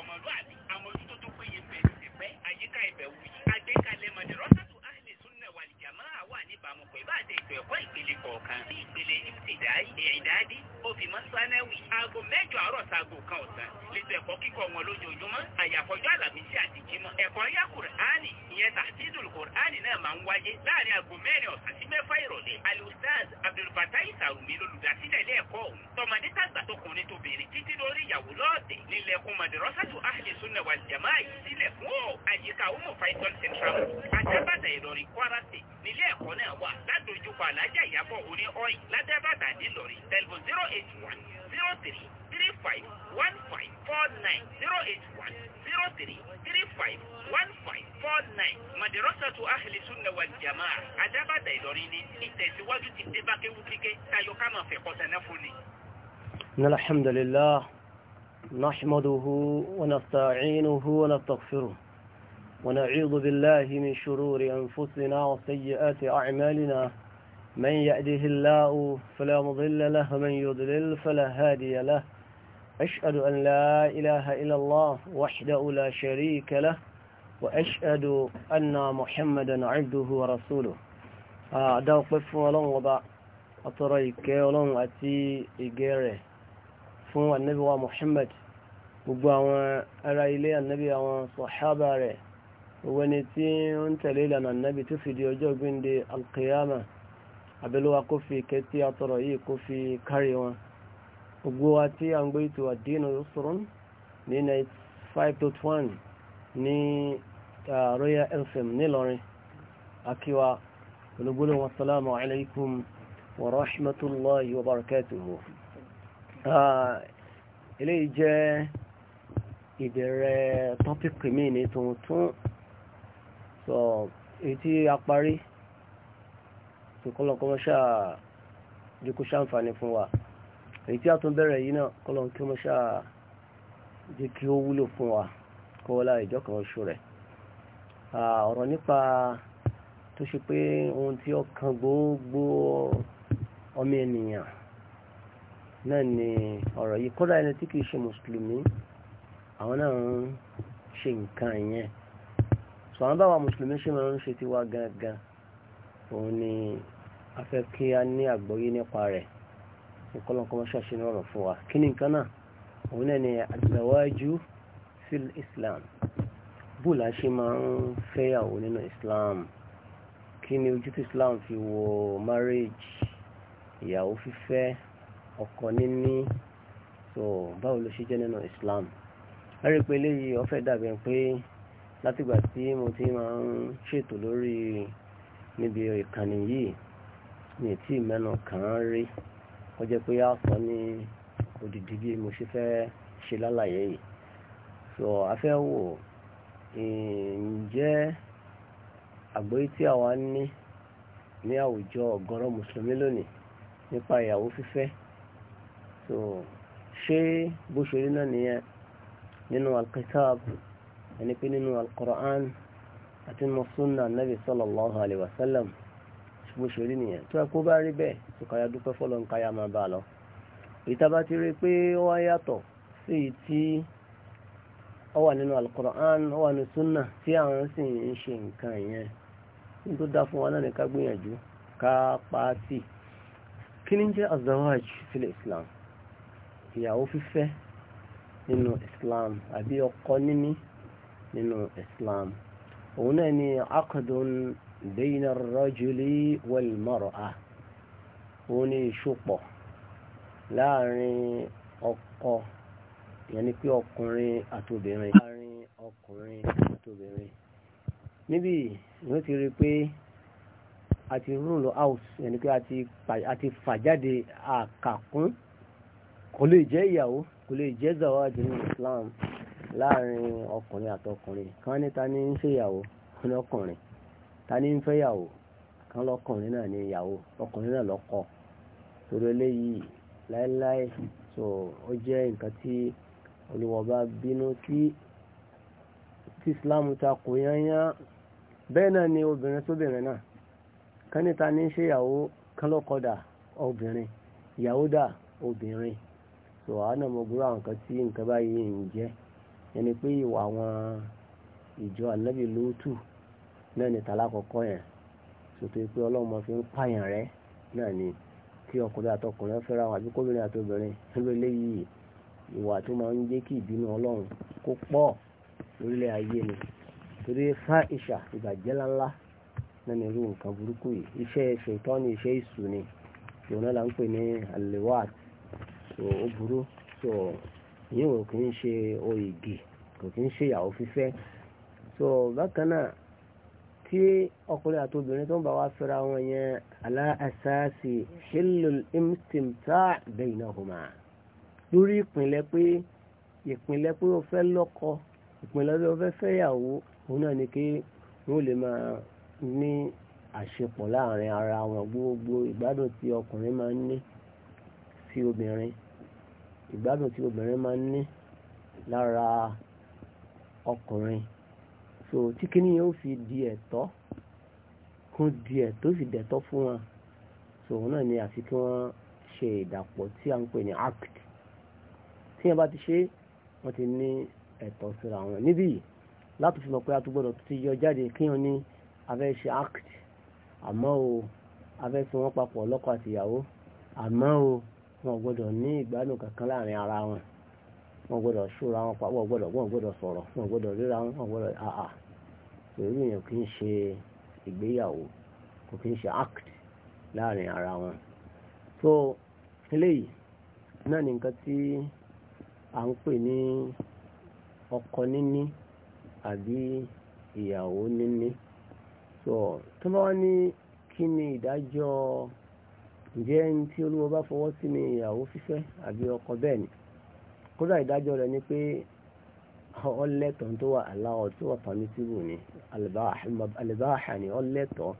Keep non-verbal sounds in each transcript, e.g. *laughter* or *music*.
kwa maradhi ìbámu pẹ̀lú àti ètò ẹ̀kọ́ ìpele kọ̀ọ̀kan sí ìpele ìtìdáì ẹ̀ẹ́dáàdì òfìmọ́ sánáwì aago mẹ́jọ àárọ̀ sago kan ọ̀sán lẹ́tọ̀ ẹ̀kọ́ kíkọ́ wọn lójoojúmọ́ àyàfọ́jọ́ àlàmísì àti jímọ̀ ẹ̀kọ́ yá kùránì ìyẹn tàṣídùl kùránì náà máa ń wáyé láàrin aago mẹ́rin ọ̀sán sí mẹ́fà ìrọ̀lẹ́ alustaz abdulfatai sarumi lolùdásílẹ̀ ilé ẹ̀kọ́ ọ̀hún wà ládojúkọ alájà ìyàbọ̀ orí ọ̀yìn ládẹ́bàtà nílọrin tẹlifon zero eight one zero three three five one five four nine zero eight one zero three three five one five four nine madrasatu ahli sunna wal jamaa adábàtà ìlọrin ni ìtẹ̀síwájú ti dé bá kéwú kíké tayo ká máa fẹ́ kọ́sẹ̀ náà fún ni. alhamdulillah nahmaduhu wa nasta'inuhu wa nastaghfiruh. ونعوذ بالله من شرور أنفسنا وسيئات أعمالنا من يأده الله فلا مضل له ومن يضلل فلا هادي له أشهد أن لا إله إلا الله وحده لا شريك له وأشهد أن محمدا عبده ورسوله آه، أدعو قف ولن وضع أطري ولن أتي إجيره فهو النبي محمد وقوى أرى إليه النبي وصحابه owó ẹni tí ó ń tẹ̀lé ìlànà nábì tó fi di ọjọ́ gbíndé alkiyama abẹ́lúwa kó fi ìkẹ́ tí a tọrọ yìí kó fi kárí wọn gbogbo wa tí a ń gbé ètò àdínà sọ̀rọ̀ ní 95.1 ní royal fm nílọrin akíwa olùgbòlò wọn salamu alaikum wa rahmatulahi wa barakatuhu eléyìí jẹ́ ìbẹ̀rẹ̀ tọ́pìkì mi ní tuntun so èyí tí a parí tó kọ́lọ́kọ́ wọ́n ṣáà jókòó ṣàǹfààní wa èyí tí a tún bẹ̀rẹ̀ yìí náà kọ́lọ́ kí wọ́n ṣáà jẹ́ kí ó wúlò fún wa kó wọ́n láì jọ́kan oṣù rẹ̀ ọ̀rọ̀ nípa tó ṣe pé ohun tí ó kan gbogbo ọmọ ènìyàn náà ni ọ̀rọ̀ yìí kódà ẹni tí kìí ṣe mùsùlùmí àwọn náà ń ṣe nǹkan sọ̀rọ̀ báwa mùsùlùmí ṣe máa ń ṣe ti wá gangan òun ni a fẹ́ kí a ní àgbọ́yé nípa rẹ̀ ìkọlọ́nkọ́ ṣàṣe ní ọ̀rọ̀ fún wa kí ni nǹkan náà òun náà ni àgbàwájú fil islam bó la ṣe máa ń fẹ́yàwó nínú islam kí ni ojú tí islam fi wo marriage ìyàwó fífẹ́ ọkọ níní so báwo ló ṣe jẹ́ nínú islam a rí i pé eléyìí ó fẹ́ dàbí pé látìgbà tí mo ti máa ń ṣètò lórí níbi ìkànnì yìí mi tí mẹ́nu kàn án rí ó jẹ́ pé a ní odidi bí mo ṣe fẹ́ ṣe lálàyé yìí so a fẹ́ wò ǹjẹ́ àgbóyé tí àwa ní ní àwùjọ ọ̀gọ̀rọ̀ mùsùlùmí lónìí nípa ìyàwó fífẹ́ so ṣé bó ṣe rí náà nìyẹn nínú alkitab ẹni n'inu nínú al sunna nabi sallallahu alayhi wa sallam ya ṣe rí nìyẹn tó ẹkú bá rí bẹ́ẹ̀ tó káyà dúpẹ́ fọlọ́ ń káyà máa bá a lọ. ìta ti rí pé ó wá yàtọ̀ sí i tí ó wà nínú al-Qur'an ó wà nínú sunna to àwọn sì azawaj fil Islam ìyàwó fífẹ́ nínú Islam àbí níní. nínú Islam òun náà ni akadun bayna rajuli wal mar'a òun ni ìṣùpọ̀ láàrin ọkọ ìyẹn ni pé ọkùnrin àtobìnrin láàrin ọkùnrin àtobìnrin níbi ìwé ti rí pé a ti rule out ẹni pé a ti fàjáde àkàkún kò lè jẹ́ ìyàwó kò lè jẹ́ zawa ní Islam láàrin ọkùnrin àtọkùnrin kan níta ní ń ṣèyàwó ní ọkùnrin ta ní ń fẹ́yàwó kan lọ́kùnrin náà ní ìyàwó ọkùnrin náà lọ́kọ torí eléyìí láéláé so ó jẹ́ nǹkan tí bínú tí Islam ta kò yányán bẹ́ẹ̀ náà ni obìnrin sóbìnrin náà kan níta ní ń ṣèyàwó kan lọ́kọ obìnrin ìyàwó dà obìnrin so àwọn gbúrò àwọn tí nǹkan ẹni pé ìwà àwọn ìjọ ànábì lóòtù náà ni tàlá kọ̀ọ̀kọ́ yẹn sòtò pé ọlọ́run máa fi ń pààyàn rẹ náà ni kí ọkùnrin àtọkùnrin fẹ́ra wọn àbí kóbìnrin àtobìnrin ló léyìí ìwà tó máa ń jẹ́ kí ìbínú ọlọ́run kó pọ̀ lórílẹ̀ ayé ni torí fá ìṣà ìbàjẹ́ ńláńlá náà ni irú nǹkan burúkú yìí iṣẹ́ ṣètọ́ ni iṣẹ́ ìṣù ni ìwọ̀n náà là ń pè ní àlèwà tó burú tó yìí wọn kì í ṣe oyègì kò kì í ṣe ìyàwó fífẹ́ so bákan náà tí ọkùnrin àti obìnrin tó ń bá wa fẹ́ra wọn yẹn ala asasi hilul imtimta bainahuma lórí ìpínlẹ̀ pé ìpínlẹ̀ pé o fẹ́ lọ́kọ ìpínlẹ̀ pé o fẹ́ fẹ́yàwó òun náà ni kí wọ́n lè máa ní àṣepọ̀ láàrin ara wọn gbogbo ìgbádùn tí ọkùnrin máa ń ní sí obìnrin ìgbádùn tí obìnrin máa ń ní lára ọkùnrin so tí kíní yẹn ó fi di ẹ̀tọ́ kún di ẹ̀tọ́ sì dẹ̀tọ́ fún wọn so òun náà ni àfi kí wọ́n ṣe ìdàpọ̀ tí à ń pè ní act tí yẹn bá ti ṣe wọ́n ti ní ẹ̀tọ́ síra wọn níbí láti fi mọ̀ pé a tún gbọ́dọ̀ ti yọ jáde kí wọ́n ní abẹ́ ṣe act àmọ́ o abẹ́ fi wọ́n papọ̀ ọlọ́kọ àtìyàwó àmọ́ o wọn gbọ́dọ̀ ní ìgbádùn kankan láàrin ara wọn wọn gbọ́dọ̀ ṣúra wọn pa wọn gbọ́dọ̀ wọn gbọ́dọ̀ sọ̀rọ̀ wọn gbọ́dọ̀ ríra wọn wọn gbọ́dọ̀ àà pẹ̀lú èèyàn kì í ṣe ìgbéyàwó kò kì í ṣe act láàrin ara wọn so eléyìí náà ní nǹkan tí à ń pè ní ọkọ níní àbí ìyàwó níní so tó bá wá ní kí ni ìdájọ́ ǹjẹ́ ẹni tí olúwo bá fọwọ́ sí ni ìyàwó fífẹ́ àbí ọkọ bẹ́ẹ̀ ni kódà ìdájọ́ rẹ̀ ni pé ọlẹ́tọ̀ọ́ tó wà aláwọ̀ tó wà pàmísìbù ni alìbáhà ni ọlẹ́tọ̀ọ́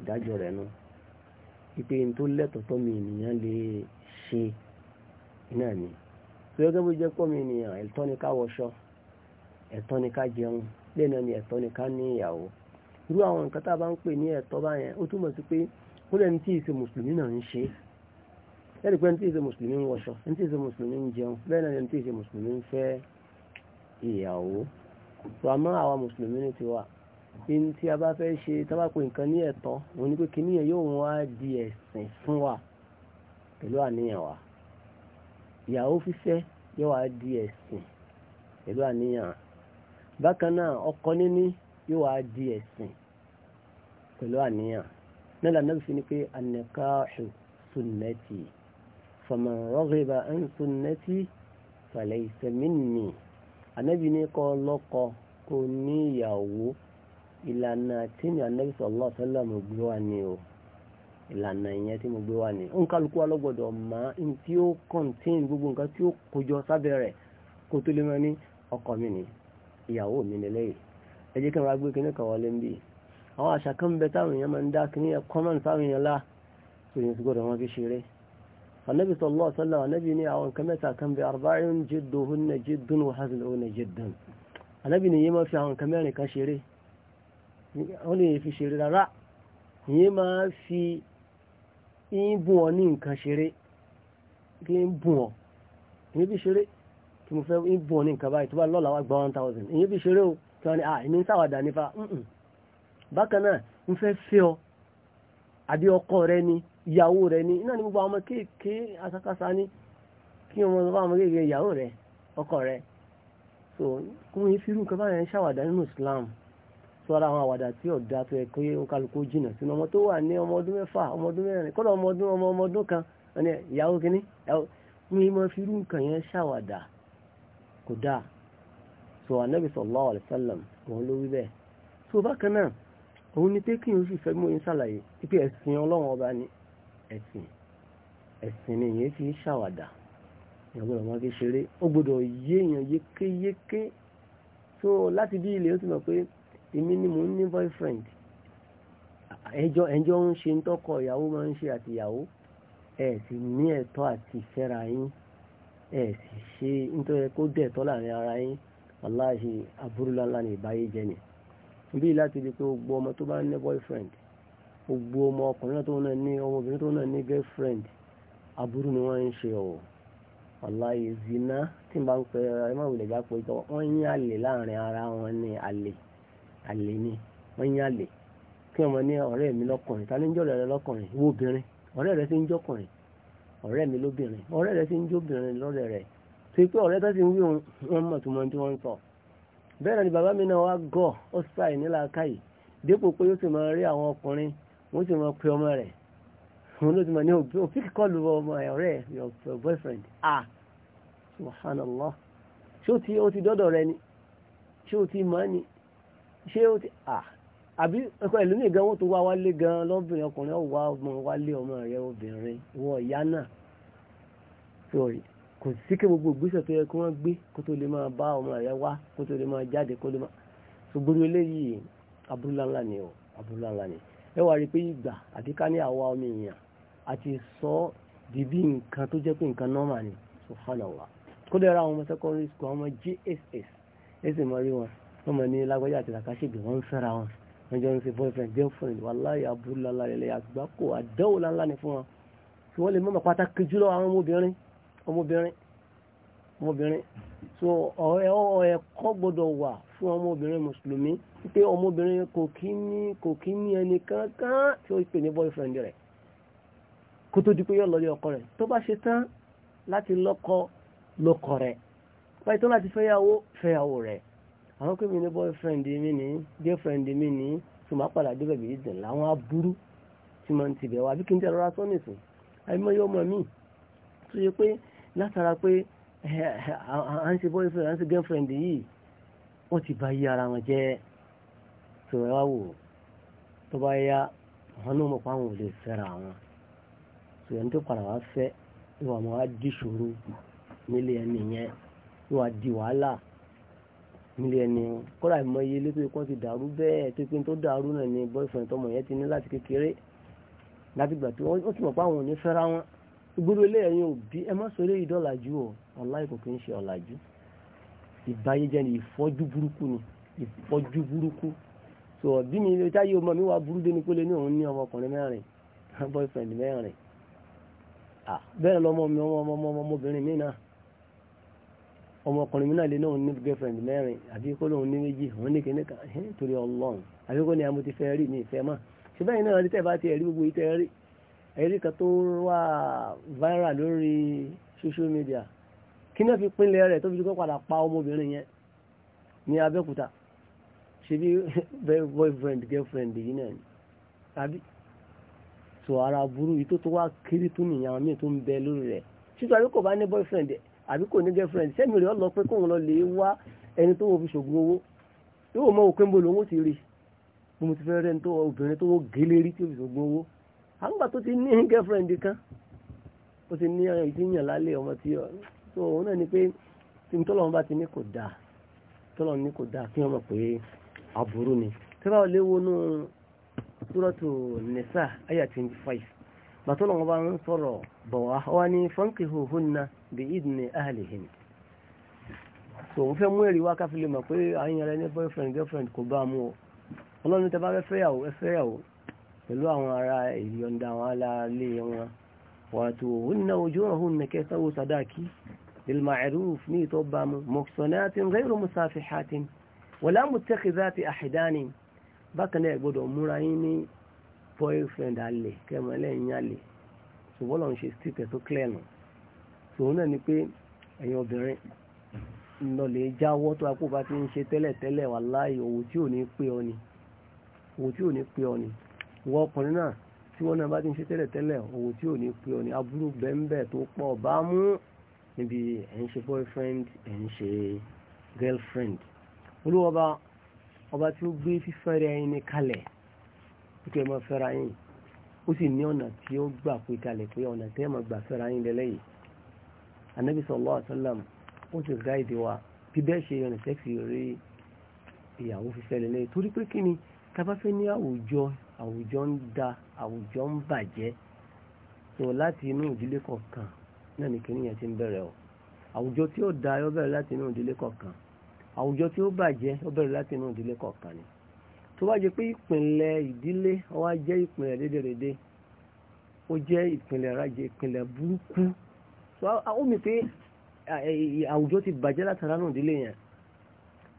ìdájọ́ rẹ̀ nu ipe n tó lẹ́tọ̀ọ́ tó mi ènìyàn lè ṣe náà ni tó yẹ kébù jẹ́ pọ́ mi ènìyàn ẹ̀tọ́ ni ká wọṣọ ẹ̀tọ́ ni ká jẹun bẹ́ẹ̀ ni ẹ̀tọ́ ni ká ní ìyàwó irú àwọn nǹkan tá a bá ń pè ní ẹ̀tọ́ báyẹn ó túmọ̀ sí pé kúrò ẹni tí ìṣe mùsùlùmí náà ń ṣe ẹni pé ẹni tí ìṣe mùsùlùmí ń wọṣọ ẹni tí ìṣe mùsùlùmí ń jẹun bẹ́ẹ̀ náà ẹni tí ìṣe mùsùlùmí ń fẹ́ ìyàwó tó a mọ́ àwa mùsùlùmí ní tiwa ní tí a bá fẹ́ ṣe tábàpọ̀ nǹkan ni pé kíní yẹn yóò ìyàwó fífẹ́ yóò wá di ẹ̀sìn pẹ̀lú àníyàn bákan náà níní yóò wá di ẹ̀sìn pẹ̀lú àníyàn nílà náà fi ni pé an-nikahu sunnati faman raghiba an sunnati falaysa minni ànábì ní kọ́ lọ́kọ kó ní ìyàwó ìlànà tí ní ànábì sallallahu alaihi wasallam gbé wá ni o ìlànà ìyẹn tí mo gbé wá ní nkálukú alọ́gbọ̀dọ̀ mọ́ in tí ó kọ́ntín gbogbo nǹkan tí ó kójọ sábẹ́ kó tó lè mọ́ ní ọkọ mi ni ìyàwó mi nílẹ̀ yìí ẹ jẹ́ kí n ra gbé kíní kan wọlé ń bì àwọn àṣà kan bẹ táwọn èèyàn máa ń dá kí ní ẹ̀kọ́ mọ́n táwọn èèyàn lá tó yẹn ti gbọ́dọ̀ wọn fi ṣeré anabi sallallahu alaihi wasallam anabi ní àwọn nǹkan mẹ́ta kan bẹ arba'un jidduhunna jiddun wa hazluhunna jiddun anabi ní yẹn máa fi àwọn nǹkan mẹ́rin kan ṣeré ó lè fi ṣeré rárá yẹn máa fi ń bùn ọ ní nǹkan ṣeré kí ń bùn ọ ìyẹn bí ṣeré kí mo fẹ́ ń bùn ọ ní nǹkan báyìí tó bá lọ́la wá gba one thousand ìyẹn bí ṣeré o kí wọ́n ní ah, bákan náà ń fẹ́ fẹ́ ọ àbí ọkọ rẹ ni ìyàwó rẹ ni iná ni gbogbo àwọn ọmọ kéèké asakasa ni kí wọn lọ bá àwọn kéèké ìyàwó rẹ ọkọ rẹ so kó wọn fi irú nǹkan báyẹn ṣàwàdà nínú Islam tó ara àwọn àwàdà tí ọ̀dà tó yẹ kó yẹ kálukú jìnà sínú ọmọ tó wà ní ọmọ ọdún mẹ́fà ọmọ ọdún mẹ́rin kọ́dọ̀ ọmọ ọdún ọmọ ọmọ ọdún kan ẹni ìyàwó kínní ní ìmọ̀ fi nǹkan yẹn ṣàwàdà kò dáa so anabi sallallahu alaihi wasallam òun ló wí bẹ́ẹ̀ so bákan náà òun ni pé kí n sì fẹ́ mú yín ṣàlàyé pípé ẹ̀sìn ọlọ́run ọba ni ẹ̀sìn ẹ̀sìn ni èyí fi ṣàwàdà èèyàn gbọ́dọ̀ máa fi ṣeré ó gbọ́dọ̀ yé èèyàn yékéyéké so láti bí ilé ó ti mọ̀ pé èmi ni mò ń ní boyfriend ẹjọ́ ẹjọ́ ń ṣe ń tọkọ ìyàwó máa ń ṣe àtìyàwó ẹ sì ní ẹ̀tọ́ àti ìfẹ́ra yín ẹ sì ṣe nítorí kó dẹ̀tọ́ láàrin ara yín aláàṣì abúrúlá ńlá ní ìbáyé jẹ nìyẹn bí láti di pé gbogbo ọmọ tó bá ní boyfriend gbogbo ọmọ ọkùnrin tó náà ní ọmọbìnrin tó náà ní girlfriend aburú ni wọ́n ń ṣe ọ̀ wàláyé zina tí n bá ń pẹ ẹ má wulẹ̀ já pé wọ́n yín àlè láàrin ara wọn ní àlè àlè ni wọ́n yín àlè kí ọmọ ní ọ̀rẹ́ mi lọ́kùnrin ta ló ń jọ̀rọ̀ rẹ lọ́kùnrin wo obìnrin ọ̀rẹ́ rẹ ti ń jọkùnrin ọ̀rẹ́ mi lóbìnrin ọ̀rẹ́ rẹ ti ń jóbìnrin lọ́rẹ́ rẹ tó pé ọ̀rẹ́ tó ti ń wí wọn mọ̀ tó mọ bẹ́ẹ̀ náà ni bàbá mi náà wá gọ̀ ó sàì nílà káyì dípò pé ó sì máa rí àwọn ọkùnrin wọ́n sì máa pe ọmọ rẹ̀ wọ́n ló ti máa ní òfin kíkọ́ ọmọ ọ̀rẹ́ your boyfriend ah subhanallah ṣé o ti o ti dọ́dọ̀ rẹ ni ṣé o ti máa ni ṣé o ti ah àbí ẹ̀kọ́ ìlú nìkan wọ́n tó wá wálé gan lọ́bìnrin ọkùnrin ọ̀wá ọmọ wálé ọmọ rẹ̀ obìnrin wọ ìyá náà sorry kò sí kí gbogbo ìgbésẹ̀ tó yẹ kí wọ́n gbé kó tó lè máa bá ọmọ rẹ̀ wá kó tó lè máa jáde kó lè máa ṣùgbọ́n eléyìí abúláńlá ni ọ abúláńlá ni ẹ wá rí i pé ìgbà àti ká ní àwa ọmọ èèyàn àti sọ di bí nǹkan tó jẹ́ pé nǹkan nọ́mà ni subhanallah kó dẹ́ra àwọn ọmọ secondary school àwọn ọmọ JSS ẹsẹ̀ máa rí wọn wọ́n mọ̀ ní lágbájá àti làkàṣègbè wọ́n ń fẹ́ra wọn wọ́n jọ ń ṣe boyfriend girlfriend wàláyé abúláńlá rẹ̀ àgbákò àdáwò láńlá ni fún wọn tí wọ́n lè mọ́mọ́ pátákì jùlọ àwọn ọmọbìnrin ọmọbìnrin ọmọbìnrin so ẹ̀kọ́ gbọ́dọ̀ wà fún ọmọbìnrin mùsùlùmí pé ọmọbìnrin kò kí ní kò kí ní ẹni kankan tí ó pè ní boyfriend rẹ̀ kó tó di pé yóò lọ lé ọkọ rẹ̀ tó bá ṣe tán láti lọ́kọ lọ́kọ rẹ̀ báyìí tó láti fẹ́yàwó fẹ́yàwó rẹ̀ àwọn pé mi ní boyfriend mi ní girlfriend mi ní tó máa padà débẹ̀ bí ìdè láwọn aburú tí máa ń tibẹ̀ wá bí kí n tẹ̀ rọra sọ́nìsì àìmọye ọmọ mi tó yẹ pé látara pé eh, eh, à ń ṣe boyfriend à ń ṣe girlfriend yìí wọ́n ti bá yí ara wọn jẹ́ tó ẹ wá wò tó bá yá àwọn náà mọ̀ pé àwọn ò lè fẹ́ra wọn tó ẹni tó padà wá fẹ́ ìwà wọn á di ṣòro nílé ẹni yẹn ìwà di wàhálà nílé ẹni kọ́ra ìmọ̀ iye ilé tó ti dàrú bẹ́ẹ̀ tó pé tó dàrú náà ni boyfriend tọmọ yẹn ti ní láti kékeré láti gbà tó wọ́n ti mọ̀ pé àwọn ò ní fẹ́ra wọn gbogbo ilé ẹ̀yin òbí ẹ má sọ̀rọ̀ èyí dọ́làjú o ọ̀la ìkò kì í ṣe ọ̀làjú ìbáyéjẹ́ ni ìfọ́jú burúkú ni ìfọ́jú burúkú so ọ̀bí mi táyé ọmọ mi wá burú dé ni kó lè ní òun ní ọmọkùnrin mẹ́rin *laughs* boyfriend mẹ́rin bẹ́ẹ̀ lọ́mọ mi ọmọbìnrin mi náà ọmọkùnrin mi náà lè náà ní girlfriend mẹ́rin àbí kó lóun ní méjì òun ní kíníkà *laughs* torí ọlọ́run àbí kó ní amúti fẹ́ rí mi ìfẹ́ mọ́ ṣùgbọ́n ìnáwó ní tẹ́ bá ti ẹ̀rí gbogbo ìtẹ́ rí ẹ̀rí kan tó wà viral lórí social media kí náà fi pínlẹ̀ rẹ̀ tó fi kọ́ padà pa ọmọbìnrin yẹn ní Abẹ́òkúta ṣe bí boyfriend girlfriend yìí náà ni tàbí tó ara burú yìí tó tó wá kiri tó nìyàn míì tó ń bẹ lórí rẹ̀ ṣíṣọ́ àbí kò bá ní boyfriend àbí kò ní girlfriend sẹ́mi rẹ̀ lọ pé kóun lọ lè wá ẹni tó wọ́n fi ṣògùn owó yóò mọ òpin bolo òun ti rí mo ti fẹ́ rẹ́ni tó obìnrin tó wọ́n gélé tó fi ṣògùn owó àgbà tó ti ní girlfriend kan ó ti ní ìdíyàn lálẹ́ ọmọ tí ọ so òun náà ni pé tí n bá ti ní kò dáa ní kò dáa kí wọ́n mọ̀ ni tí wọ́n léwu nù nesa aya twenty five bàtọ́lọ́run bá ń sọ̀rọ̀ bọ̀ wá wá ní fankihuhunna bi idni ahlihin so òun fẹ́ mú ẹ̀rí wá káfílẹ̀ mọ̀ pé ní kò bá a mú pẹ̀lú àwọn ará ìyọ̀ǹda àwọn aláàlé wọn wàtò hunna ujuruhunna kẹsàwó sadaki bil ma'ruf ní ìtọ́bàmù muhsanatin ghayru musafihatin wala muttakhidhati ahdanin bákan náà gbọ́dọ̀ múra yín ní boyfriend alẹ̀ kẹmọ́lẹ́yìn alẹ̀ ṣùgbọ́n lọ́n ṣe stíkẹ̀ tó clear nù tòun náà ni pé ẹ̀yin obìnrin lọ lè ti ń ṣe tẹ́lẹ̀tẹ́lẹ̀ wà láàyè ní pé ọ ni òwò ìwọ ọkùnrin náà tí wọ́n náà bá ti ń ṣe tẹ́lẹ̀ tẹ́lẹ̀ owó tí ò ní pé ọ ní aburú bẹ́ńbẹ́ tó pọ̀ bá mú níbi ẹ̀ ń ṣe boyfriend ẹ̀ ń ṣe girlfriend olúwọba ọba tí ó gbé fífẹ́rẹ́ ẹyin ní kalẹ̀ pípẹ́ mọ́ fẹ́ra yín ó sì ní ọ̀nà tí ó gbà pé kalẹ̀ pé ọ̀nà tí ẹ̀ mọ́ gbà fẹ́ra yín lẹ́lẹ́yìí anabi sallallahu alaihi ó ti gáìdì wa bí bẹ́ẹ̀ ṣe yọ̀nà sẹ́ẹ̀sì rí ìyàwó fífẹ́ lẹ́lẹ́yìí torí pé kí ni ní àwùjọ àwùjọ ń da àwùjọ ń bàjẹ́ tó láti inú ìdílé kọ̀ọ̀kan náà ni kìnìyàn ti ń bẹ̀rẹ̀ o àwùjọ tí ó da yó bẹ̀rẹ̀ láti inú ìdílé kọ̀ọ̀kan àwùjọ tí ó bàjẹ́ ó bẹ̀rẹ̀ láti inú ìdílé kọ̀ọ̀kan ni tó bá jẹ́ pé ìpìnlẹ̀ ìdílé ó wá jẹ́ ìpìnlẹ̀ rédèrèdè ó jẹ́ ìpìnlẹ̀ rajẹ ìpìnlẹ̀ burúkú tó ó mi pé àwùjọ ti bàjẹ́ látara náà ìdílé yẹn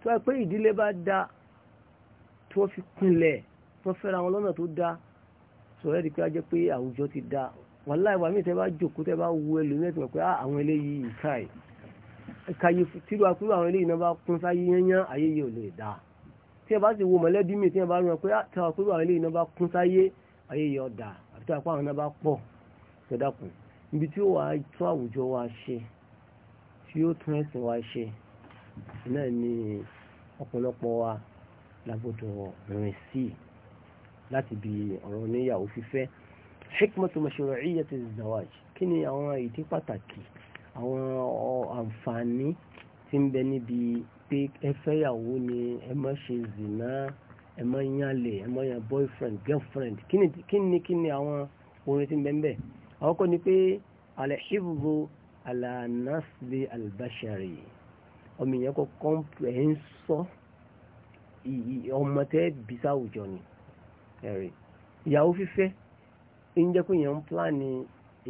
tó bá pé ìdílé bá da tó fi pinlẹ̀ wọ́n fẹ́ra wọn lọ́nà tó dáa sọ̀rọ̀ ẹ̀dí pé a jẹ́ pé àwùjọ ti da wàláì wà mí tẹ́ bá jòkó tẹ́ bá wu ẹlòmíràn tó mọ̀ pé ah, àwọn eléyìí ìka ẹ̀ tìlú akúrú àwọn eléyìí náà bá kún sáyé yányán ayé yìí ò lè da tí ẹ bá sì wo mọ̀lẹ́bí mi tí ẹ bá rán pé ah, tìlú akúrú àwọn eléyìí náà bá kún sáyé ayé yìí ò da àbí tí àwọn náà bá pọ̀ tó dákun níbi tí ó wà á tún àwùjọ wa ṣe tí ó tún ẹ̀sìn wa ṣe náà ni ọ̀pọ̀lọpọ̀ wa lágbọ́dọ̀ rìn sí i láti bi ọ̀rọ̀ oníyàwó fífẹ́ hikmatu mashru'iyyati zawaj kí ni àwọn ìdí pàtàkì àwọn àǹfààní tí ń bẹ níbi pé ẹ fẹ́yàwó ni ẹ má ṣe zìnà ẹ má yánlẹ̀ ẹ má yan boyfriend girlfriend kí ni kí ni àwọn orin tí ń bẹ ń àwọn kọ́ ni pé alẹ́hìbùbù alanasbi albashari ọmọ ìyẹn kọ́ kọ́ńpù ẹ̀ ń sọ ọmọ tẹ́ bí ni. ẹ̀rí ìyàwó fífẹ́ ń jẹ́ pé èèyàn ń pláàni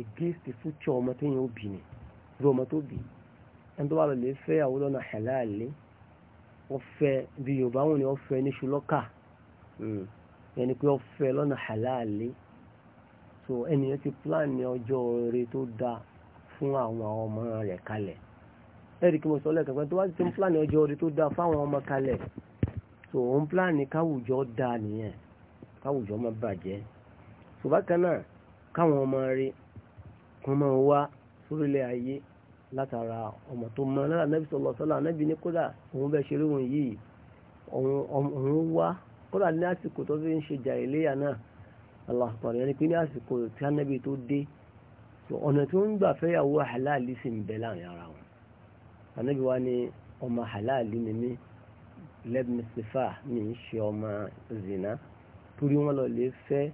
against the ọmọ tó yẹn ó bì ní ru ọmọ tó bì ẹni tó bá lọ fẹ́ àwọn bí yorùbá wọn ni wọ́n fẹ́ ní hmm. ẹni pé wọ́n fẹ́ lọ́nà so ẹnìyẹn ti pláàni ọjọ́ rere tó dáa fún àwọn ọmọ rẹ̀ kalẹ̀ ẹ̀rí kí mo sọ tó wá ti ń pláàni ọjọ́ tó dáa fún àwọn so pláàni káwùjọ dáa káwùjọ má bàjẹ́ ṣùgbọ́n kan náà káwọn ọmọ rí wọn máa wá sórílẹ̀ ayé látara ọmọ tó mọ lára anábì sọlọ sọlá anábì ní kódà òun bẹ́ẹ̀ ṣeré òun yìí òun wá kódà ní àsìkò tó fi ń ṣe jà ìléyà náà aláàpàrọ̀ yẹn ni pé ní àsìkò tí anábì tó dé ọ̀nà tí wọ́n ń gbà fẹ́yàwó àhàláàlì sì ń bẹ láàrin ara wọn anábì wa ni ọmọ àhàláàlì ni mí lẹ́bùn sífà mi ń ṣe ọmọ zina torí wọn lọ lè fẹ́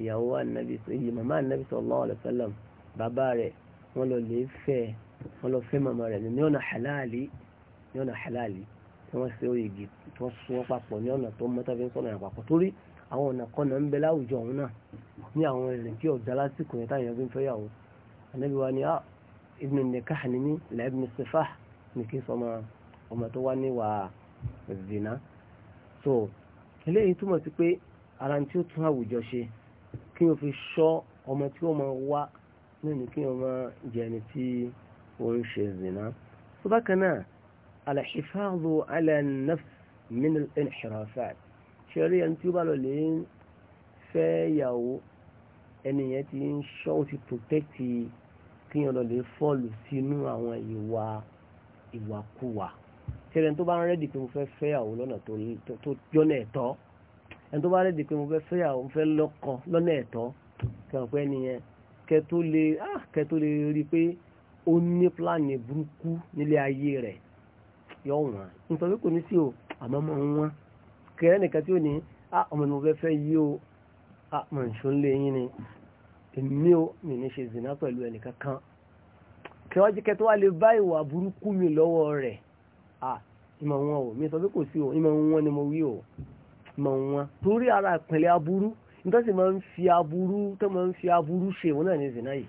ìyàwó anabi èyí màmá anabi sallallahu alaihi wasallam bàbá rẹ̀ wọn lọ lè fẹ́ wọn lọ fẹ́ màmá rẹ̀ ní ọ̀nà halali ní ọ̀nà halali tí wọ́n ṣe oyègì tí wọ́n sún wọn papọ̀ ní ọ̀nà tó mọ́tà fi ń sọ̀nà àpapọ̀ torí àwọn ọ̀nà kọ́nà ń bẹ láwùjọ òun náà ní àwọn ìrìn tí ọ̀dà lásìkò yẹn táyà fi ń fẹ́yàwó anabi wa ni ah ibn nikah ni mí la so eléyìí túmọ̀ sí pé ara tí ó tún àwùjọ ṣe kí o fi ṣọ́ ọmọ tí ó máa wá nínú kí o máa jẹ tí ó ń ṣe zina tó bákan náà alàṣìfáàlù alànàf min al-inhirafat ṣe rí ẹni tí ó bá lọ lè ń fẹ́ yàwó ẹnìyẹn ti ń ṣọ́ ó ti protect kí o lọ lè fọ́ọ̀lù sínú àwọn ìwà ìwàkuwà ṣe ẹni tó bá ń rẹ́dì pé mo fẹ́ fẹ́ yàwó lọ́nà tó jọ́nà ẹ̀tọ́ ẹni bá rẹ̀ di pé mo fẹ́ fẹ́yàwó mo fẹ́ lọ́kọ lọ́nà ẹ̀tọ́ kẹwàá pé nìyẹn kẹ tó lè ah, kẹ tó lè rí i pé ó ní pílánì burúkú nílé ayé rẹ̀ yọ wọ́n nítorí pé kò ní sí o àmọ́ mọ́ wọn kẹrẹ́ nìkan tí ó ní ah, ọmọ mi mo fẹ́ fẹ́ yí o ah, mọ̀ nṣó ń lé yín ni èmi ò mi ní ṣe zìnà pẹ̀lú ẹnìkan kan kẹwàá jẹ́ kẹtọ́ wá lè bá ìwà burúkú mi lọ́wọ́ rẹ̀ ìmọ̀ wọn o mi sọ pé kò sí o ìmọ̀ wọn ni mo wí o mọ̀ wọn torí ara ìpìnlẹ̀ aburú nítorí sì máa ń fi aburú tó máa ń fi aburú ṣe wọn náà ní zina yìí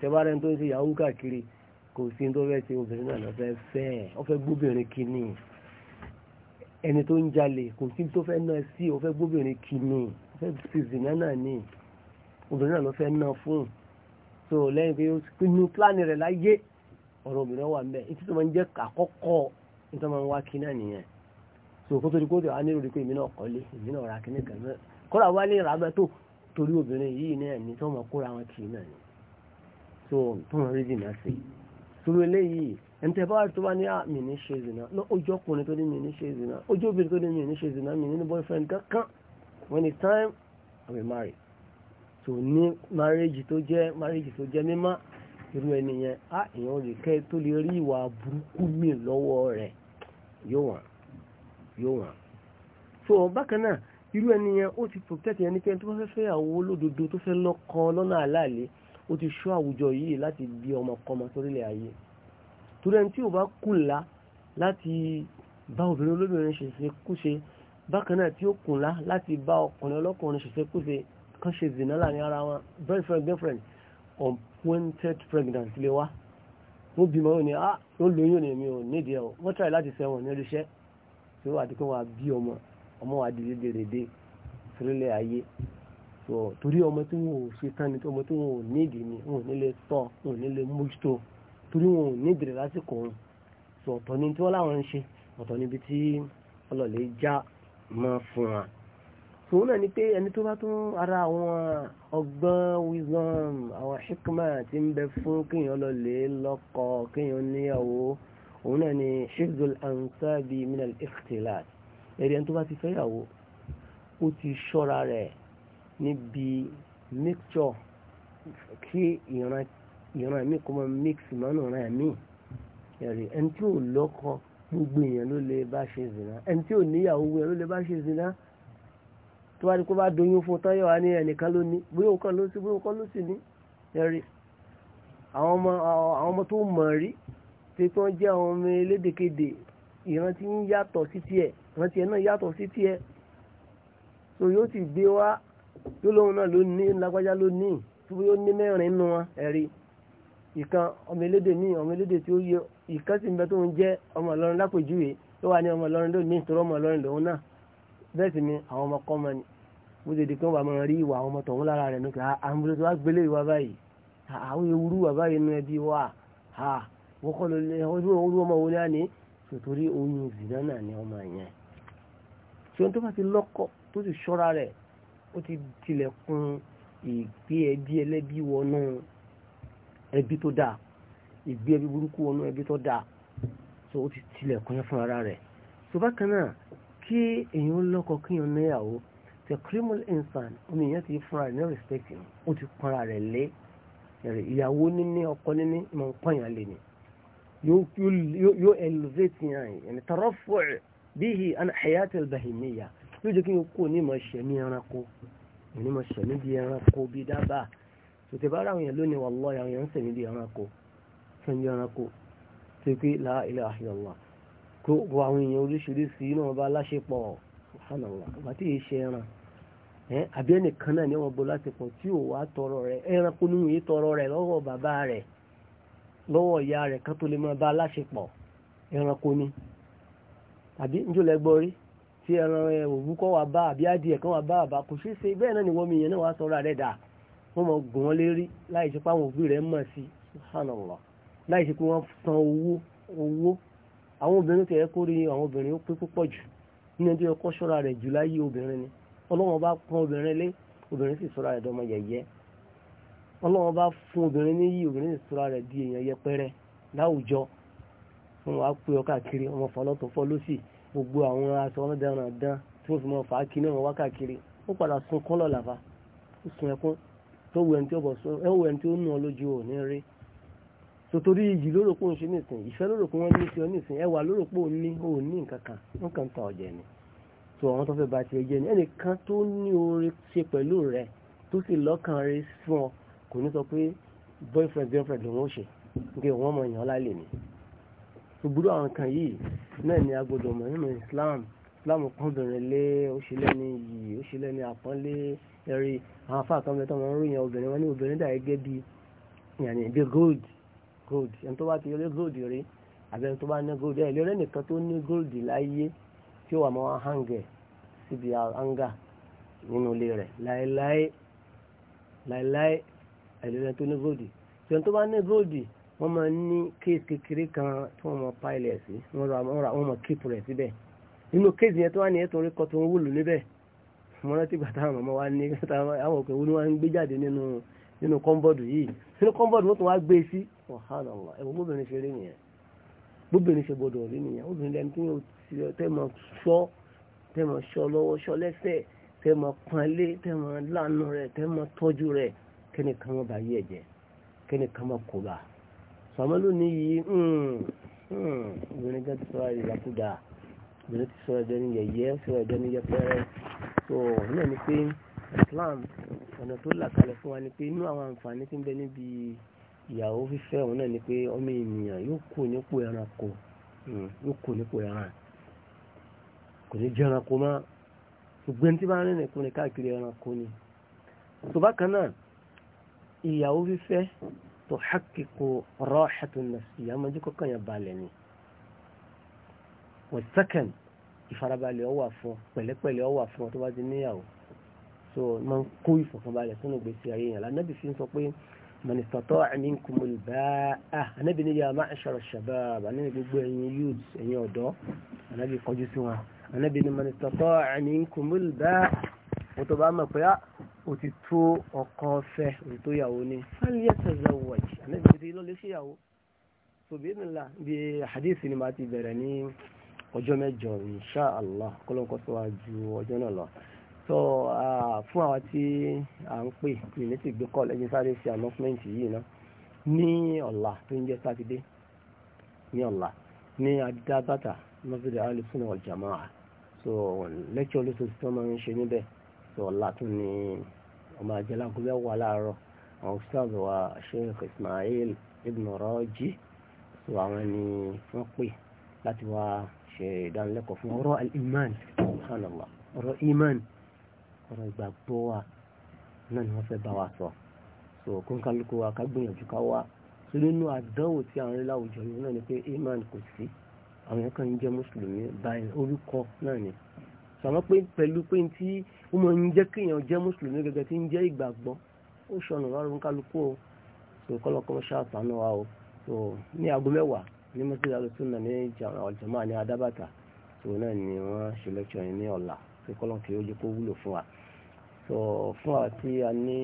tẹ́bárẹ́ tó ń ṣe yahoo káàkiri kò sí tó fẹ́ ṣe obìnrin náà lọ́fẹ́ fẹ́ ọ fẹ́ gbóbìnrin kìíní ẹni tó ń jalè kò sí tó fẹ́ náà sí ọ fẹ́ gbóbìnrin kìíní ọ fẹ́ ṣe zina náà ní obìnrin náà lọ́fẹ́ náà fún so lẹ́yìn pé ó pinnu pílánì rẹ̀ láyé ọ̀rọ̀ obìnrin wà ń bẹ̀ ìtútù máa ń jẹ́ àkọ́kọ́ ìtọ́ so kó tó di kó tó wà ní ìròyìn pé èmi náà kọ́lé èmi náà ra kíní kan náà kọ́ra wá ní ìràbẹ́ tó torí obìnrin yìí náà ní tó mọ̀ kóra wọn kì í náà ni so tó wọn rí dìnnà sí sórí eléyìí ẹnitẹ bá tó bá ní à mí ní ṣe zina ojú ọkùnrin tó ní mí ní ṣe zina ojú obìnrin tó ní mí ní ṣe zina mí ní boyfriend kankan when it's time I will marry so ní marriage tó jẹ́ marriage tó jẹ́ mímá irú ẹni yẹn á èèyàn lè kẹ́ tó lè rí ìwà burúkú mi lọ́wọ́ rẹ̀ yóò wọ̀n yóò wọ́n so bákan náà irú ẹni yẹn ó ti protect ẹni pé tó bá fẹ́ fẹ́ àwọn olódodo tó fẹ́ lọ́kọ lọ́nà àlàálẹ̀ ó ti ṣọ́ àwùjọ yìí láti bí ọmọkọmọ sórílẹ̀ ayé torí ẹni tí ò bá kùnlá láti bá obìnrin olóbìnrin ṣẹ̀ṣẹ̀ kúṣe bákan náà tí ó kùnlá láti bá ọkùnrin ọlọ́kùnrin ṣẹ̀ṣẹ̀ kúṣe kan ṣe zìnà láàrin ara wọn boyfriend girlfriend unwanted pregnancy lè wá wọ́n bímọ yóò ní ah ló lóyún ní mi ò nídìí ẹ̀ wọ́n try láti sẹ́wọ̀n ní oríṣẹ́ tí ó wà di pé wọn bí ọmọ ọmọ wa di dédèrèdè sírílẹ̀ ayé so torí ọmọ tí wọn ò ṣe tán ni ọmọ tí wọn ò nídìí ni wọn ò nílé tọ́ wọn ò nílé mójútó torí wọn ò nídìí lásìkò òun so ọ̀tọ̀ ni tí wọ́n láwọn ń ṣe ọ̀tọ̀ níbi tí ọlọ́lẹ̀ já máa fún wa tòun náà ni pé ẹni tó bá tún ara àwọn ọgbọ́n wisdom àwọn hikma ti ń bẹ fún kéèyàn lọ lè kéèyàn níyàwó òun náà ni shifdul ansabi minal ikhtilat ẹ̀rí ẹni tó bá ti fẹ́yàwó ó ti ṣọ́ra rẹ̀ níbi mixture kí ìran ìran mi kò mọ mix mọ́nà ìran mi ẹ̀rí ẹni tí ò lọ́kọ gbogbo èèyàn ló lè bá ṣe zìnà ẹni tí ò níyàwó èèyàn ló lè bá ṣe zìnà tó bá ní kó bá doyún fún tọ́yọ̀ wá ní ẹnìkan ló ní bóyá òun ló sí bóyá òun ló sì ní ẹ̀rí àwọn ọmọ tó mọ̀ rí tí tí wọ́n jẹ́ àwọn ọmọ elédèkedè ìran tí ń yàtọ̀ sí tiẹ̀ ìran tiẹ̀ náà yàtọ̀ sí tiẹ̀ so yóò sì gbé wá yóò lóun náà ló lágbájá ló ní tí ní mẹ́rin nínú wọn ẹ̀rí ìkan ọmọ elédè míì ọmọ elédè tí ó yẹ ìkan sì ń bẹ tó ń jẹ́ ọmọ Ìlọrin lápèjúwe ló wà ní ọmọ Ìlọrin lónìí nítorí ọmọ Ìlọrin lòun náà bẹ́ẹ̀ sì ni àwọn ọmọ kọ́ ọmọ ni bó ṣe di pé wọ́n bá máa rí ìwà àwọn ọmọ tọ̀hún lára rẹ̀ nù kí ah, àwọn ọmọ tó wá gbélé ìwà báyìí ah, àwọn ewúrú wà báyìí nù ẹbí wà á. Ah, wọ́n kọ́ ló lé ojú ọmọ wo ni a oyún zìnà náà ni ọmọ yẹn ṣùgbọ́n tó bá ti lọ́kọ tó ti ṣọ́ra rẹ̀ ó ti tilẹ̀kùn ìgbé ẹbí ẹlẹ́bí wọnú ẹbí tó dáa ìgbé ẹbí burúkú wọnú ẹbí tó dáa so ó ti tilẹ̀kùn yẹn fún ara rẹ̀ so bákan náà kí èèyàn lọ́kọ kí èèyàn náyàwó the criminal insan omi èèyàn ti fúnra rẹ̀ ní respect ó ti pọnra rẹ̀ lé ìyàwó níní ọkọ níní ìmọ̀ nǹkan yẹn lé ni yóò elevate yàn yìí tọrọfọ bíi hayat albahimiya yóò jẹ́ kí n kó ní ma ṣẹ̀mí ẹranko ní ma ṣẹ̀mí bí ẹranko bí dábàá tòtẹ́ bá ara àwọn èèyàn lónìí wallahi àwọn èèyàn ń ṣẹ̀mí bí ẹranko ṣẹ̀mí ẹranko tó pé la ilaha illallah kó wọ àwọn èèyàn oríṣiríṣi iná wọn bá láṣepọ̀ subhanallah ọba tí yìí ṣe ẹran àbí ẹnìkan náà tí lọ́wọ́ ìyá rẹ̀ kan tó lè máa bá aláṣepọ̀ ẹranko ni àbí njólẹ̀ gbọ́ rí tí ẹran òwú kọ́ wà bá àbí adìẹ kan wà bá àbá kò ṣeé ṣe bẹ́ẹ̀ náà ni wọ́n mi yẹn náà wá sọ̀rọ̀ àrẹ dà wọ́n mọ̀ gùn wọ́n lérí láì ṣe pé àwọn òbí rẹ̀ mọ̀ sí subhanallah láì ṣe pé wọ́n san owó owó àwọn obìnrin tẹ̀yẹ kó rí àwọn obìnrin ó pé púpọ̀ jù nínú tí ọkọ ṣọ́ra rẹ̀ jù láyé obìnrin ni ọlọ́wọ́n bá pọ́n obìnrin lé obìnrin sì ṣọ́ra ọlọ́run bá fún obìnrin ní yìí obìnrin ìṣúra rẹ̀ di èèyàn yẹpẹrẹ láwùjọ wọn wá pé ọ káàkiri ọmọ fọlọ́tọ̀ fọlọ́sì gbogbo àwọn aṣọ ọlọ́dẹ̀ràn dán tí wọ́n fi mọ fà á kí ní ọmọ wá káàkiri ó padà sun kọ́lọ̀ làbá ó sun ẹkún tó wẹ̀ ní tí ó bọ̀ sọ ẹ wẹ̀ ní tí ó nù ọ lójú ò ní rí sotori yìí lóró pé òun ṣe nìsín ìfẹ́ lóró pé wọ́n ní ti ọ nìsín ẹwà lóró pé òun ní òun ní nǹkan kan kàn ta ọ̀jẹ̀ ni tó àwọn tó fẹ́ ba ti ẹ jẹ́ ni ẹnìkan tó ní oore ṣe pẹ̀lú rẹ̀ tó sì lọ́kàn rẹ̀ fún ọ kò ní sọ pé boyfriend girlfriend lòun ó ṣe nígbà wọn mọ èèyàn láìlè ní. gbogbo àwọn kan yìí náà ni a mọ̀ nínú Islam Islam kan obìnrin lé ó ṣe lẹ́ni yìí ó ṣe lẹ́ni àpọ́nlé ẹ̀rí àwọn afá kan bẹ tó máa ń ròyìn obìnrin wọn ní obìnrin dà gẹ́gẹ́ bí yàní bí gold gold ẹni tó bá ti rí gold rí àbẹ̀ni tó bá ní gold ẹ̀ lérẹ́ nìkan tó ní gold láyé tí ó máa hàngẹ̀ síbi hàngà nínú ilé rẹ̀ láéláé láéláé ẹlẹ́rẹ́ tó ní góòdì tí wọ́n tó bá ní góòdì wọ́n máa ní kéèsì kékeré kan tí wọ́n máa pàìlẹ̀ sí wọ́n ra wọ́n máa kéèpù rẹ̀ síbẹ̀ nínú kéèsì yẹn tó wá ní ẹ̀tọ́ orí kọ́ tó ń wúlò níbẹ̀ mo rántí gbà táwọn ọmọ wa ní *laughs* àwọn òkè wo ni wọ́n ń gbé jáde nínú nínú kọ́ńbọ́ọ̀dù yìí sínú kọ́ńbọ́ọ̀dù wọ́n tún wá gbé sí ọ̀hánàlá ẹ̀wọ̀n bóbìnrin ṣe rí nìyẹn bóbìnrin ṣe gbọdọ̀ rí nìyẹn obìnrin lẹni tí yóò ti tẹ́mọ̀ sọ tẹ́mọ̀ sọ lọ́wọ́ sọ lẹ́sẹ̀ kíni kan bá yí ẹ̀jẹ̀ kíni kan bá kó bá sọmọ lónìí yìí hmm, hmm, obìnrin kan ti sọ̀rọ̀ ìlà kúdà obìnrin ti sọ̀rọ̀ ẹ̀jẹ̀ ní yẹ̀yẹ́ sọ̀rọ̀ ẹ̀jẹ̀ ní yẹpẹrẹ tó náà ni pé Islam ọ̀nà tó là kalẹ̀ fún wa ni pé inú àwọn àǹfààní tí ń bẹ níbi ìyàwó fífẹ́ òun náà ni pé ọmọ ènìyàn yóò kó nípò ẹranko hmm, yóò kó nípò ẹran kò ní jẹ́ ẹranko mọ́ ṣùgbọ́n tí bá ń rìnrìn kúrin káàkiri ẹranko ni tó bákan náà ìyàwó fífẹ́ tó hákìkò rọ́ọ̀ṣẹ́tún nàṣì àmọ́ jẹ́ kọ́kàn yẹn balẹ̀ ni wọ́n sẹ́kẹ̀n ìfarabalẹ̀ ọwà fún pẹ̀lẹ́pẹ̀lẹ́ ọwà fún tó bá ti níyàwó so máa ń kó ìfọ̀kànbalẹ̀ sínú gbèsè ayé yẹn lánàbì fi ń sọ pé mọ̀nìsọ̀tọ̀ àmínkùmùl báà ànábì níyà máa ń ṣọ̀rọ̀ ṣàbáàbà nínú gbogbo ẹ̀yin youths ẹ̀yin ọ̀dọ́ ànábì kọjú sí wọn ànábì ní mọ̀nìsọ̀tọ̀ àmínkùmùl báà wọ́n tó bá mọ̀ pé ah, ó ti tó ọkọ fẹ́ ó ti tó yàwó ni falyatazawwaj ànábì ti lọ́lé sí yàwó tòbí nìlá bí hadith ni màá ti bẹ̀rẹ̀ ní ọjọ́ mẹ́jọ insha allah kọ́lọ́kọ́ tó wá ọjọ́ náà lọ so fún àwọn tí à ń pè ní ní ti gbé kọ́ lẹ́yìn sáré ṣe announcement yìí náà ní ọ̀la tó ń jẹ́ sátidé ní ọ̀la ní adábàtà masjid al-sunnah wal jama'a so lẹ́kí olóṣèlú tó máa ń ṣe níbẹ̀ sọ látún ni ọmọ àjẹlá gómìnà wà láàárọ̀ àwọn ustaz wa sheikh ismail ibn raji sọ àwọn ni wọ́n pè láti wá ṣe ìdánilẹ́kọ̀ọ́ fún ọ̀rọ̀ al-iman subhanallah ọ̀rọ̀ iman ọ̀rọ̀ ìgbàgbọ́ wa náà ni wọ́n fẹ́ bá wa sọ so kó wa ká gbìyànjú ká wá so nínú àdánwò tí àwọn ilé àwùjọ yìí náà ni pé iman kò sí àwọn kan ń jẹ́ mùsùlùmí báyìí orúkọ náà ni sàmọ́ pé pẹ̀lú pé tí ó mọ̀ ń jẹ́ kéèyàn jẹ́ mùsùlùmí gẹ́gẹ́ tí ń jẹ́ ìgbàgbọ́ ó sọnù lọ́rùn kálukú o tó kọ́lọ́kọ́ ṣàtànú wa o tó ní aago mẹ́wàá ní mọ́sílẹ̀ alùsùnà ní ọ̀jọ̀mọ́ ní adábàtà tó náà ni wọ́n ṣe lẹ́kṣọ̀ ní ọ̀la tó kọ́lọ́kọ́ yóò jẹ́ kó wúlò fún wa tó fún wa tí a ní.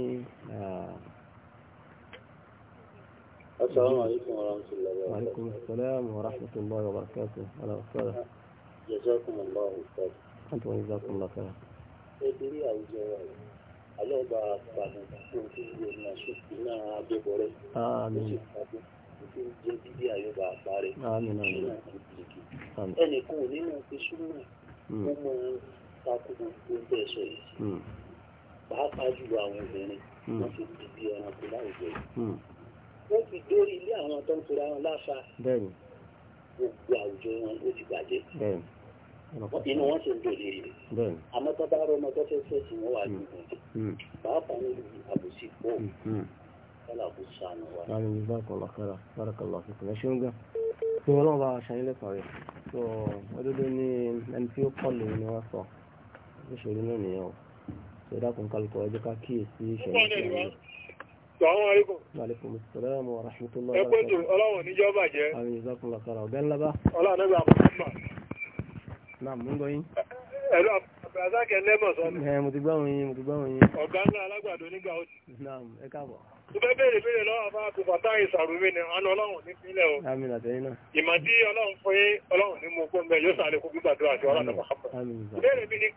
السلام عليكم ورحمة الله وبركاته وعليكم السلام ورحمة الله وبركاته على أستاذ جزاكم الله خيرا wọ́n ti wọ́n ní zákùn lọ́kẹ́rẹ́. ẹgbẹ́rí àwùjọ wa yìí alọ́ba pàdé fún kí n yóò máa ṣòfin náà abẹ́bọ̀rẹ́ ó sì pàdé kí n jẹ́ bíbí àyọ̀bà àpárẹ̀ ẹnì kan ò nínú fi súnmọ́ ó máa takú gbogbo bẹ́ẹ̀ sọ yìí hmm. pàápàá jùlọ àwọn obìnrin hmm. wọ́n fi bíbí ẹranko láwùjọ yìí hmm. wọ́n ti dórí ilé àwọn tó ń tora wọn láfa gbogbo àwùjọ wọn ó ti bàjẹ́ inú wọn ṣe ń dòde rè àmọ́ tó bá rọmọ tó fẹẹ fẹẹ sì wọn wà ní ìgbọ̀n pàápàá ní ìlú àbòsí pọ̀ kọlá kò sànù wa. láàrin ìgbà kọlá kọlá kọlá kọlá kọlá ṣé ń gbà tí wọn náà bá aṣáyé lẹ́kọ̀ọ́ rẹ̀ tó ọdọdọ ní ẹni tí ó kọlù ni wọn sọ níṣòro náà nìyẹn o tó dákun kálukọ ẹjọ́ ká kíyèsí ìṣẹ̀lẹ̀ ìṣẹ̀lẹ̀ Sàwọn aríkùn. Màlìkùn Mùsùlùmí wa rahmatullahi. Ẹ pẹ́jù ọlọ́wọ̀n níjọ́ bàjẹ́. Àmì ìzákùnlọ́kọ̀ọ́rọ̀ ọ̀gá ńlá bá. Ọlọ́run nígbà mọ̀ náà mú lọ yín. ẹ̀rọ àbúrásákẹ́ lẹ́mọ̀ sọ mi. ẹ mo ti gbọ́rùn yín mo ti gbọ́rùn yín. ọ̀gá ńlá alágbàdo nígbà ó ti. náà ẹ káàbọ̀. mo fẹ́ béèrè béèrè lọ́wọ́ àbá àbúfàtà ìsàrúwé ni àna ọlọ́run ní pínlẹ̀ o. àmín àtẹ̀yìn náà. ìmọ̀ tí ọlọ́run fún yín ọlọ́run ní mo kó mbẹ yóò sàlẹ̀ kó gbígbàdúrà àti ọlọ́run Muhammad. ìbéèrè mi ni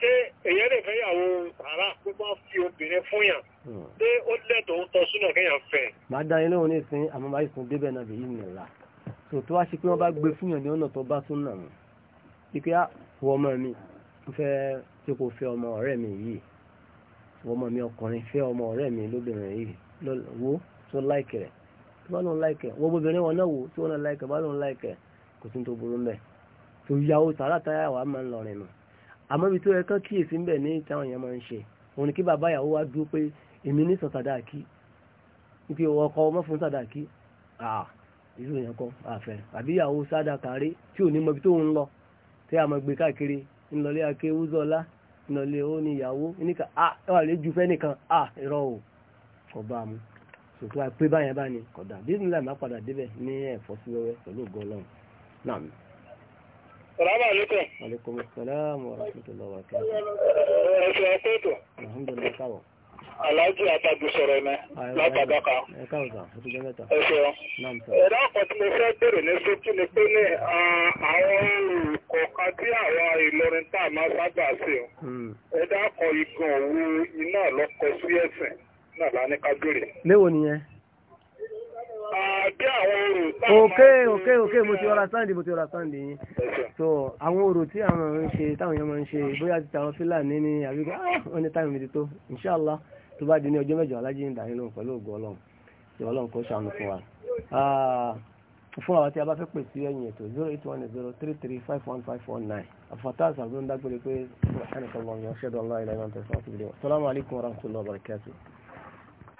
ṣé èyàn lè fẹ́yàwó sàrà pé wọ́n fi obìnrin fún yàn hmm. ṣé ó lẹ́tọ̀ọ́ ń tọ́ súnà kéèyàn fẹ́. màá dá iná òní ìsín àmọ́ bá ìsún débẹ̀ náà bèyí nìlá tòótọ́ àṣepé wọ́n bá gbé fún yàn ní ọ̀nà tó bá súnà mu ike ah, wọ ọmọ mi ń fẹ́ tí kò fẹ́ ọmọ ọ̀rẹ́ mi yìí wọ ọmọ mi ọkùnrin fẹ́ ọmọ ọ̀rẹ́ mi lóbìnrin yìí wo tó láìkẹ̀ rẹ̀ tó bá lóun láìkẹ̀ wọ́n bóbìnrin wọn náà wò tí wọ́n náà láìkẹ̀ bá lóun láìkẹ̀ kò sí tó burú mẹ́ tó yàwó tààrà táyà wà á máa ń lọ nù àmọ́ ibi tó yẹ kán kíyèsí ń ní táwọn èèyàn máa ń ṣe òun ni kí bàbá ìyàwó wá dúró pé èmi ní sọ sàdáàkì nítorí ọkọ ọmọ fún sàdáàkì àà ìlú yẹn kọ́ àfẹ́ àbí ìyàwó sádà kárí tí ò ní mọ ibi tó ń lọ tí a mọ̀ gbé káàkiri ńlọlé ake wúzọ́lá ńlọlé ó ní ìyàwó níka ah, àwọn àlejò fẹ́ nìkan à ah, irọ́ o ọba mu sòtú àpé báyẹn bá ní kọ̀dà bí nílẹ̀ máa padà débẹ̀ ní ẹ̀fọ́ sí wẹ́wẹ́ pẹ̀lú ògo Ọlọ́run náà mi. Salaamu alaikum. Alaikum salaam wa rahmatullahi wa barakatuh. Ẹ̀sìn ẹ̀kọ́tọ̀. Alhamdulilayi káwọ̀. Aláàjì Àtàdù sọ̀rọ̀ ẹ̀mẹ́ látàdáka. bèrè ní sókí ni pé ní àwọn ohun ọ̀kan tí àwa Ìlọrin tá a máa sábà sí o hmm. ẹ dákọ̀ igun òwú iná lọ́kọ sí ẹ̀sìn náà ní ká béèrè. léwo nìyẹn. àbí àwọn orò tá a máa. òkè òkè òkè mo ti ọ̀rà eh, sáǹdì mo ti ọ̀rà sáǹdì yín. so àwọn orò tí àwọn ń ṣe táwọn èèyàn máa ń ṣe bóyá ah, ti tàwọn fúlàní ni àbíkú wọn ní ìdí tó tó bá di ní ọjọ́ mẹ́jọ alájí ń dà fún àwọn tí a bá fẹ́ pè sí ẹ̀yìn ètò zero eight one zero three àṣàlùdó ń dágbére pé ṣùgbọ́n ẹnìkan lọ́wọ́ tẹ̀sán ti bìlẹ̀ wọ́n. salamu wa rahmatulahi